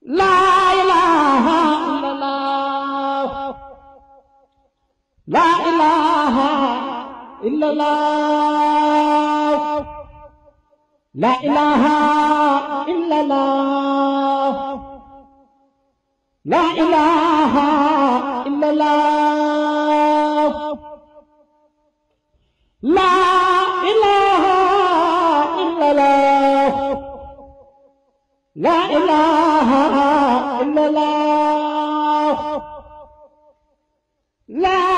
La ilaha illallah la ilaha illallah la ilaha illallah la ilaha illallah la ilaha illallah لا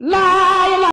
laa